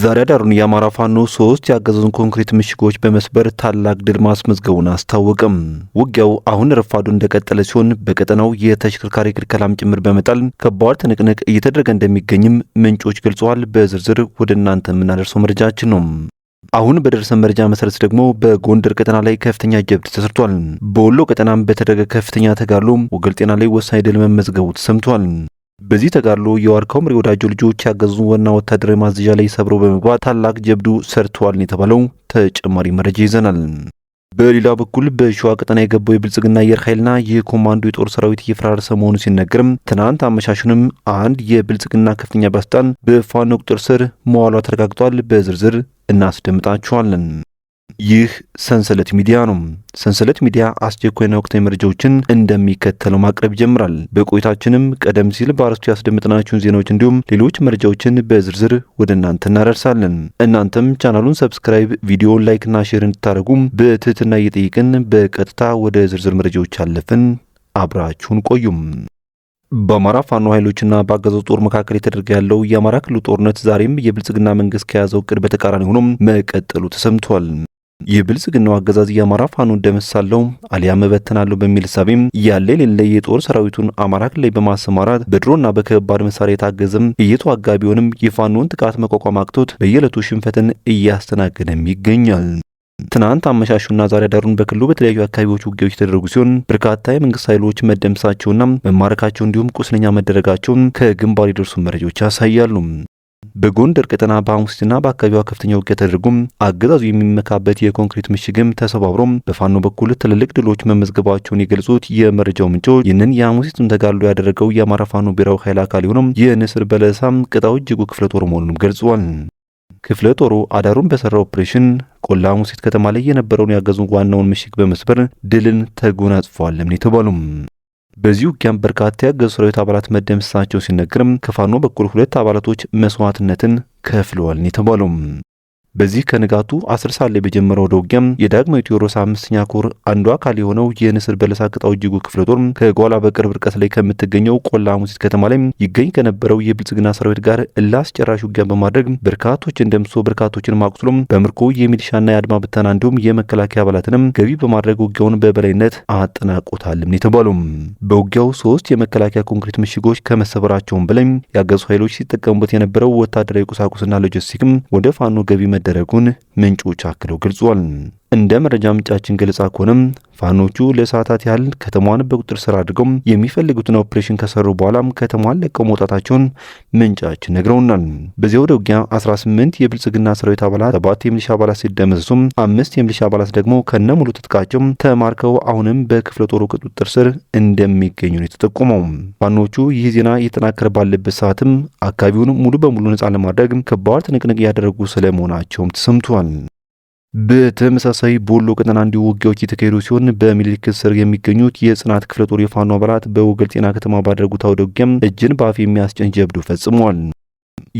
ዛሬ አዳሩን የአማራ ፋኖ ሶስት ያገዙን ኮንክሪት ምሽጎች በመስበር ታላቅ ድል ማስመዝገቡን አስታወቅም። ውጊያው አሁን ረፋዱ እንደቀጠለ ሲሆን በቀጠናው የተሽከርካሪ ክልከላም ጭምር በመጣል ከባድ ትንቅንቅ እየተደረገ እንደሚገኝም ምንጮች ገልጸዋል። በዝርዝር ወደ እናንተ የምናደርሰው መረጃችን ነው። አሁን በደረሰ መረጃ መሰረት ደግሞ በጎንደር ቀጠና ላይ ከፍተኛ ጀብድ ተሰርቷል። በወሎ ቀጠናም በተደረገ ከፍተኛ ተጋድሎ ወገል ጤና ላይ ወሳኝ ድል መመዝገቡ ተሰምቷል። በዚህ ተጋድሎ የዋርካው መሪ ወዳጆ ልጆች ያገዙ ዋና ወታደራዊ ማዘዣ ላይ ሰብሮ በመግባት ታላቅ ጀብዱ ሰርተዋል የተባለው ተጨማሪ መረጃ ይዘናል። በሌላ በኩል በሸዋ ቀጠና የገባው የብልጽግና አየር ኃይልና የኮማንዶ የጦር ሰራዊት እየፈራረሰ መሆኑ ሲነገርም ትናንት አመሻሹንም አንድ የብልጽግና ከፍተኛ ባለስልጣን በፋኖ ቁጥጥር ስር መዋሏ ተረጋግጧል። በዝርዝር እናስደምጣችኋለን። ይህ ሰንሰለት ሚዲያ ነው። ሰንሰለት ሚዲያ አስቸኳይና ወቅታዊ መረጃዎችን እንደሚከተለው ማቅረብ ይጀምራል። በቆይታችንም ቀደም ሲል በአርስቱ ያስደመጥናችሁን ዜናዎች እንዲሁም ሌሎች መረጃዎችን በዝርዝር ወደ እናንተ እናደርሳለን። እናንተም ቻናሉን ሰብስክራይብ፣ ቪዲዮን ላይክና ሼር እንድታደርጉም በትህትና እየጠየቅን በቀጥታ ወደ ዝርዝር መረጃዎች አለፍን። አብራችሁን ቆዩም። በአማራ ፋኖ ኃይሎችና በአገዛዙ ጦር መካከል የተደረገ ያለው የአማራ ክልል ጦርነት ዛሬም የብልጽግና መንግስት ከያዘው እቅድ በተቃራኒ ሆኖም መቀጠሉ ተሰምቷል። የብልጽግናው አገዛዝ የአማራ ፋኖ ደመሳለው አሊያም እበትናለሁ በሚል ሳቤም ያለ የሌለ የጦር ሰራዊቱን አማራ ክልል በማሰማራት በድሮና በከባድ መሳሪያ የታገዘም እየተዋጋ ቢሆንም የፋኖን ጥቃት መቋቋም አቅቶት በየዕለቱ ሽንፈትን እያስተናገደም ይገኛል። ትናንት አመሻሹና ዛሬ ዳሩን በክልሉ በተለያዩ አካባቢዎች ውጊያዎች የተደረጉ ሲሆን በርካታ የመንግስት ኃይሎች መደምሰሳቸውና መማረካቸው እንዲሁም ቁስለኛ መደረጋቸውን ከግንባር የደርሱ መረጃዎች ያሳያሉ። በጎንደር ቀጠና በሐሙስትና በአካባቢዋ ከፍተኛ ውጊያ ተደርጎም አገዛዙ የሚመካበት የኮንክሪት ምሽግም ተሰባብሮም በፋኖ በኩል ትልልቅ ድሎች መመዝገባቸውን የገልጹት የመረጃው ምንጮች ይህንን የሐሙሲቱን ተጋድሎ ያደረገው የአማራ ፋኖ ብሔራዊ ኃይል አካል የሆነው የንስር በለሳም ቅጣው እጅጉ ክፍለ ጦር መሆኑንም ገልጿል። ክፍለ ጦሩ አዳሩን በሰራ ኦፕሬሽን ቆላ ሐሙሲት ከተማ ላይ የነበረውን ያገዙ ዋናውን ምሽግ በመስበር ድልን ተጎናጽፏል። ነው የተባሉም በዚህ ውጊያም በርካታ ያገዙ ሰራዊት አባላት መደምሰሳቸው ሲነገርም ከፋኖ በኩል ሁለት አባላቶች መስዋዕትነትን ከፍለዋል የተባለው በዚህ ከንጋቱ አስር ሰዓት ላይ በጀመረው ወደ ውጊያም የዳግማዊ ቴዎድሮስ አምስተኛ ኮር አንዱ አካል የሆነው የንስር በለሳ ቅጣው እጅጉ ክፍለ ጦር ከጓላ በቅርብ ርቀት ላይ ከምትገኘው ቆላ ሙሴት ከተማ ላይ ይገኝ ከነበረው የብልጽግና ሰራዊት ጋር እላስጨራሽ ውጊያ በማድረግ በርካቶችን ደምሶ በርካቶችን ማቁስሎም በምርኮ የሚሊሻና የአድማ ብተና እንዲሁም የመከላከያ አባላትንም ገቢ በማድረግ ውጊያውን በበላይነት አጠናቆታልም የተባሉም በውጊያው ሶስት የመከላከያ ኮንክሪት ምሽጎች ከመሰበራቸውን በላይ ያገዙ ኃይሎች ሲጠቀሙበት የነበረው ወታደራዊ ቁሳቁስና ሎጂስቲክም ወደ ፋኖ ገቢ መዳ መደረጉን ምንጮች አክለው ገልጿል። እንደ መረጃ ምንጫችን ገለጻ ከሆነም ፋኖቹ ለሰዓታት ያህል ከተማዋን በቁጥር ስር አድርገው የሚፈልጉትን ኦፕሬሽን ከሰሩ በኋላም ከተማዋን ለቀው መውጣታቸውን ምንጫችን ነግረውናል። ወደ ውጊያ 18 የብልጽግና ሰራዊት አባላት፣ ሰባት የሚሊሻ አባላት ሲደመሰሱም አምስት የሚሊሻ አባላት ደግሞ ከነ ሙሉ ትጥቃቸው ተማርከው አሁንም በክፍለ ጦሩ ቁጥጥር ስር እንደሚገኙ ነው የተጠቆመው። ፋኖቹ ይህ ዜና እየተጠናከረ ባለበት ሰዓትም አካባቢውን ሙሉ በሙሉ ነጻ ለማድረግ ከባድ ትንቅንቅ እያደረጉ ስለመሆናቸውም ተሰምቷል። በተመሳሳይ በወሎ ቀጠና እንዲሁ ውጊያዎች የተካሄዱ ሲሆን በሚኒልክ ስር የሚገኙት የጽናት ክፍለ ጦር የፋኖ አባላት በወገል ጤና ከተማ ባደረጉት አውደ ውጊያም እጅን በአፍ የሚያስጭን ጀብዱ ፈጽሟል።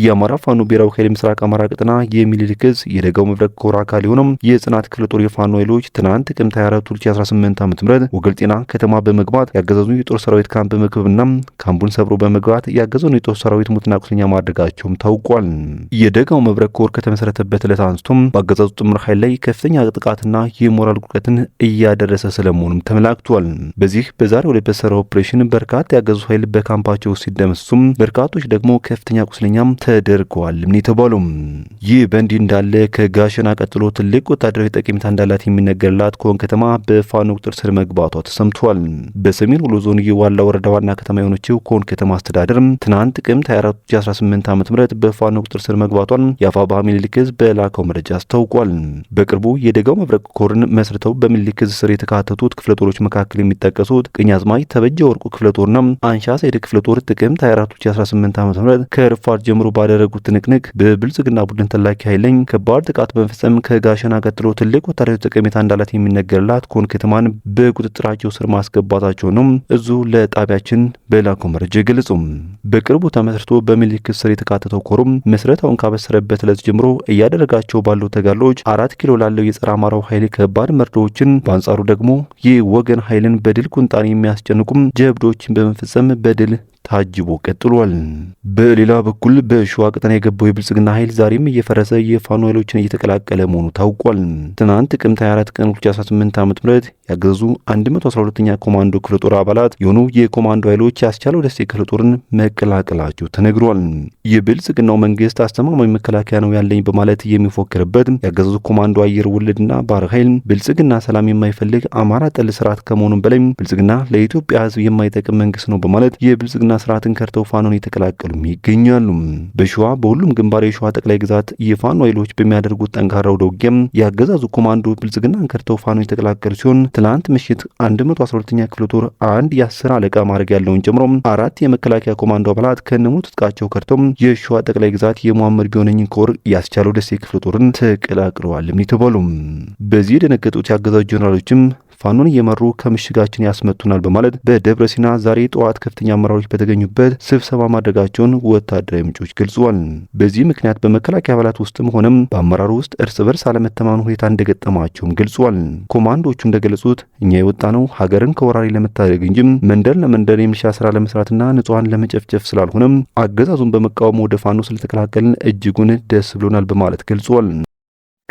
የአማራ ፋኖ ብሔራዊ ኃይል ምስራቅ አማራ ቅጥና የሚኒልክ ዕዝ የደጋው መብረቅ ኮር አካል የሆነው የጽናት ክፍለ ጦር የፋኖ ኃይሎች ትናንት ጥቅምት 24 2018 ዓ.ም ወገል ጤና ከተማ በመግባት ያገዘዙ የጦር ሰራዊት ካምፕ በመክበብና ካምፑን ሰብሮ በመግባት ያገዘውን የጦር ሰራዊት ሙትና ቁስለኛ ማድረጋቸውም ታውቋል። የደጋው መብረቅ ኮር ከተመሰረተበት ዕለት አንስቶም በአገዛዙ ጥምር ኃይል ላይ ከፍተኛ ጥቃትና የሞራል ቁቀትን እያደረሰ ስለመሆኑም ተመላክቷል። በዚህ በዛሬው ዕለት በተሰራ ኦፕሬሽን በርካታ ያገዙ ኃይል በካምፓቸው ሲደመሱም፣ በርካቶች ደግሞ ከፍተኛ ቁስለኛ ኢላማም ተደርገዋል የተባሉም። ይህ በእንዲህ እንዳለ ከጋሸና ቀጥሎ ትልቅ ወታደራዊ ጠቀሜታ እንዳላት የሚነገርላት ኮን ከተማ በፋኖ ቁጥጥር ስር መግባቷ ተሰምቷል። በሰሜን ወሎ ዞን የዋላ ወረዳ ዋና ከተማ የሆነችው ኮን ከተማ አስተዳደር ትናንት ጥቅምት 2418 ዓ ም በፋኖ ቁጥጥር ስር መግባቷን የአፋባሃ ሚኒሊክ እዝ በላከው መረጃ አስታውቋል። በቅርቡ የደጋው መብረቅ ኮርን መስርተው በሚኒሊክ ስር የተካተቱት ክፍለ ጦሮች መካከል የሚጠቀሱት ቀኛዝማች ተበጀ ወርቁ ክፍለ ጦርና አንሻ ሰይድ ክፍለ ጦር ጥቅምት 2418 ዓ ም ከርፋድ ጀምሮ ባደረጉት ትንቅንቅ በብልጽግና ቡድን ተላኪ ኃይለኝ ከባድ ጥቃት በመፈጸም ከጋሸና ቀጥሎ ትልቅ ወታደራዊ ጠቀሜታ እንዳላት የሚነገርላት ኮን ከተማን በቁጥጥራቸው ስር ማስገባታቸው ነው እዙ ለጣቢያችን በላኮ መረጃ ገለጹም። በቅርቡ ተመስርቶ በሚሊክ ስር የተካተተው ኮሩም ምስረታውን ካበሰረበት ዕለት ጀምሮ እያደረጋቸው ባሉ ተጋድሎዎች አራት ኪሎ ላለው የጸረ አማራው ኃይል ከባድ መርዶዎችን፣ በአንጻሩ ደግሞ የወገን ኃይልን በድል ቁንጣን የሚያስጨንቁም ጀብዶዎችን በመፈጸም በድል ታጅቦ ቀጥሏል። በሌላ በኩል በሸዋ ቀጠና የገባው የብልጽግና ኃይል ዛሬም እየፈረሰ የፋኖ ኃይሎችን እየተቀላቀለ መሆኑ ታውቋል። ትናንት ጥቅምት 24 ቀን 2018 ዓ ም ያገዙ 112ኛ ኮማንዶ ክፍለ ጦር አባላት የሆኑ የኮማንዶ ኃይሎች ያስቻለው ደሴ ክፍለ ጦርን መቀላቀላቸው ተነግሯል። የብልጽግናው መንግስት አስተማማኝ መከላከያ ነው ያለኝ በማለት የሚፎክርበት ያገዙ ኮማንዶ አየር ወለድና ባህር ኃይል ብልጽግና ሰላም የማይፈልግ አማራ ጠል ስርዓት ከመሆኑም በላይ ብልጽግና ለኢትዮጵያ ህዝብ የማይጠቅም መንግስት ነው በማለት የብልጽግና ብልጽግና ስርዓትን ከርተው ፋኖን የተቀላቀሉም ይገኛሉ። በሸዋ በሁሉም ግንባር የሸዋ ጠቅላይ ግዛት የፋኖ ኃይሎች በሚያደርጉት ጠንካራ ወደ ውጊያም የአገዛዙ ኮማንዶ ብልጽግናን ከርተው ፋኖን የተቀላቀሉ ሲሆን ትላንት ምሽት 112ኛ ክፍለ ጦር አንድ የአስር አለቃ ማድረግ ያለውን ጨምሮ አራት የመከላከያ ኮማንዶ አባላት ከነሙ ትጥቃቸው ከርተው የሸዋ ጠቅላይ ግዛት የመሐመድ ቢሆነኝን ኮር ያስቻለው ደሴ ክፍለ ጦርን ተቀላቅለዋል የተባሉ በዚህ የደነገጡት የአገዛዙ ጀኔራሎችም ፋኖን እየመሩ ከምሽጋችን ያስመቱናል በማለት በደብረሲና ዛሬ ጠዋት ከፍተኛ አመራሮች በተገኙበት ስብሰባ ማድረጋቸውን ወታደራዊ ምንጮች ገልጿል። በዚህ ምክንያት በመከላከያ አባላት ውስጥም ሆነም በአመራሩ ውስጥ እርስ በርስ አለመተማመን ሁኔታ እንደገጠማቸውም ገልጿል። ኮማንዶቹ እንደገለጹት እኛ የወጣ ነው ሀገርን ከወራሪ ለመታደግ እንጂ መንደር ለመንደር የሚሊሻ ስራ ለመስራትና ንጹሐን ለመጨፍጨፍ ስላልሆነም አገዛዙን በመቃወም ወደ ፋኖ ስለተቀላቀልን እጅጉን ደስ ብሎናል በማለት ገልጿል።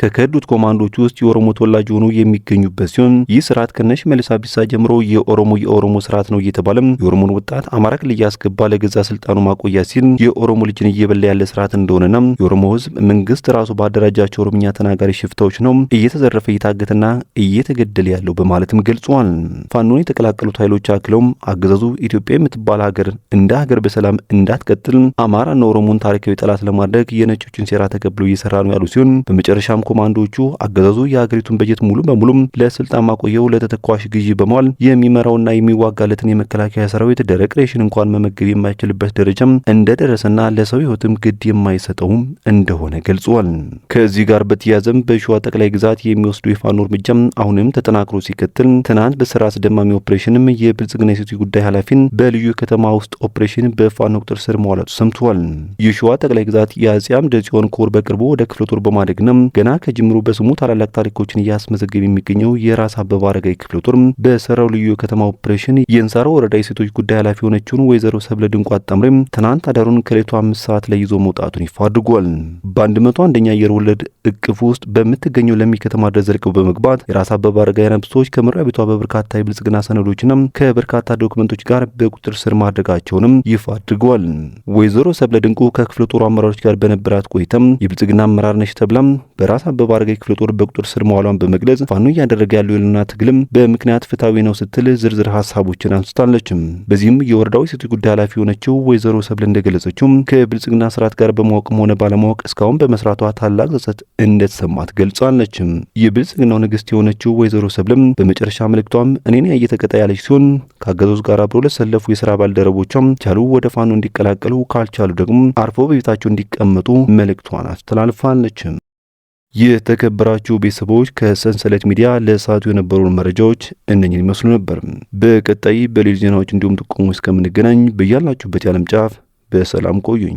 ከከዱት ኮማንዶች ውስጥ የኦሮሞ ተወላጅ ሆኖ የሚገኙበት ሲሆን ይህ ስርዓት ከነሽ መልስ አቢሳ ጀምሮ የኦሮሞ የኦሮሞ ስርዓት ነው እየተባለም የኦሮሞን ወጣት አማራ ክልል እያስገባ ለገዛ ስልጣኑ ማቆያ ሲል የኦሮሞ ልጅን እየበላ ያለ ስርዓት እንደሆነና የኦሮሞ ህዝብ መንግስት ራሱ ባደራጃቸው ኦሮምኛ ተናጋሪ ሽፍታዎች ነው እየተዘረፈ እየታገተና እየተገደለ ያለው በማለትም ገልጿል። ፋኖን የተቀላቀሉት ኃይሎች አክለውም አገዛዙ ኢትዮጵያ የምትባል ሀገር እንደ ሀገር በሰላም እንዳትቀጥል አማራና ኦሮሞን ታሪካዊ ጠላት ለማድረግ የነጮችን ሴራ ተቀብሎ እየሰራ ነው ያሉ ሲሆን በመጨረሻም ኮማንዶቹ አገዛዙ የሀገሪቱን በጀት ሙሉ በሙሉም ለስልጣን ማቆየው ለተተኳሽ ግዢ በመዋል የሚመራውና የሚዋጋለትን የመከላከያ ሰራዊት ደረቅ ሬሽን እንኳን መመገብ የማይችልበት ደረጃም እንደደረሰና ለሰው ህይወትም ግድ የማይሰጠውም እንደሆነ ገልጿል። ከዚህ ጋር በተያያዘም በሸዋ ጠቅላይ ግዛት የሚወስዱ የፋኖ እርምጃም አሁንም ተጠናክሮ ሲቀጥል ትናንት በስራ አስደማሚ ኦፕሬሽንም የብልጽግና የሴቶች ጉዳይ ኃላፊን በልዩ ከተማ ውስጥ ኦፕሬሽን በፋኖ ቁጥር ስር መዋላቱ ሰምተዋል። የሸዋ ጠቅላይ ግዛት የአጼ አምደ ጽዮን ኮር በቅርቡ ወደ ክፍለ ጦር ነው። ገና ከጅምሩ በስሙ ታላላቅ ታሪኮችን እያስመዘገብ የሚገኘው የራስ አበባ አረጋዊ ክፍለ ጦር በሰራው ልዩ የከተማ ኦፕሬሽን የእንሳሮ ወረዳ የሴቶች ጉዳይ ኃላፊ የሆነችውን ወይዘሮ ሰብለ ድንቁ አጣምሬ ትናንት አዳሩን ከሌቱ አምስት ሰዓት ላይ ይዞ መውጣቱን ይፋ አድርጓል። በአንድ መቶ አንደኛ አየር ወለድ እቅፍ ውስጥ በምትገኘው ለሚ ከተማ ድረስ ዘልቀው በመግባት የራስ አበባ አረጋዊ ነብሶች ከመኖሪያ ቤቷ በበርካታ የብልጽግና ሰነዶችና ከበርካታ ዶክመንቶች ጋር በቁጥር ስር ማድረጋቸውንም ይፋ አድርጓል። ወይዘሮ ሰብለ ድንቁ ከክፍለ ጦሩ አመራሮች ጋር በነበራት ቆይተም የብልጽግና አመራር ነች ተብላም በራስ አበባ አረጋይ ክፍለ ጦር በቁጥር ስር መዋሏን በመግለጽ ፋኖ እያደረገ ያለው የልና ትግልም በምክንያት ፍትሐዊ ነው ስትል ዝርዝር ሀሳቦችን አንስታለችም። በዚህም የወረዳው የሴቶች ጉዳይ ኃላፊ የሆነችው ወይዘሮ ሰብል እንደገለጸችውም ከብልጽግና ስርዓት ጋር በማወቅም ሆነ ባለማወቅ እስካሁን በመስራቷ ታላቅ ጸጸት እንደተሰማት ገልጻለችም። የብልጽግናው ንግስት የሆነችው ወይዘሮ ሰብልም በመጨረሻ መልእክቷም እኔን ያየ ያለች ሲሆን ከአገዛዙ ጋር አብሮ ለሰለፉ የስራ ባልደረቦቿም ቻሉ ወደ ፋኖ እንዲቀላቀሉ ካልቻሉ ደግሞ አርፎ በቤታቸው እንዲቀመጡ መልእክቷን አስተላልፋለችም። የተከበራችሁ ቤተሰቦች ከሰንሰለት ሚዲያ ለሰዓቱ የነበሩን መረጃዎች እነኝን ይመስሉ ነበር። በቀጣይ በሌሎች ዜናዎች እንዲሁም ጥቆሙ እስከምንገናኝ በያላችሁበት የዓለም ጫፍ በሰላም ቆዩኝ።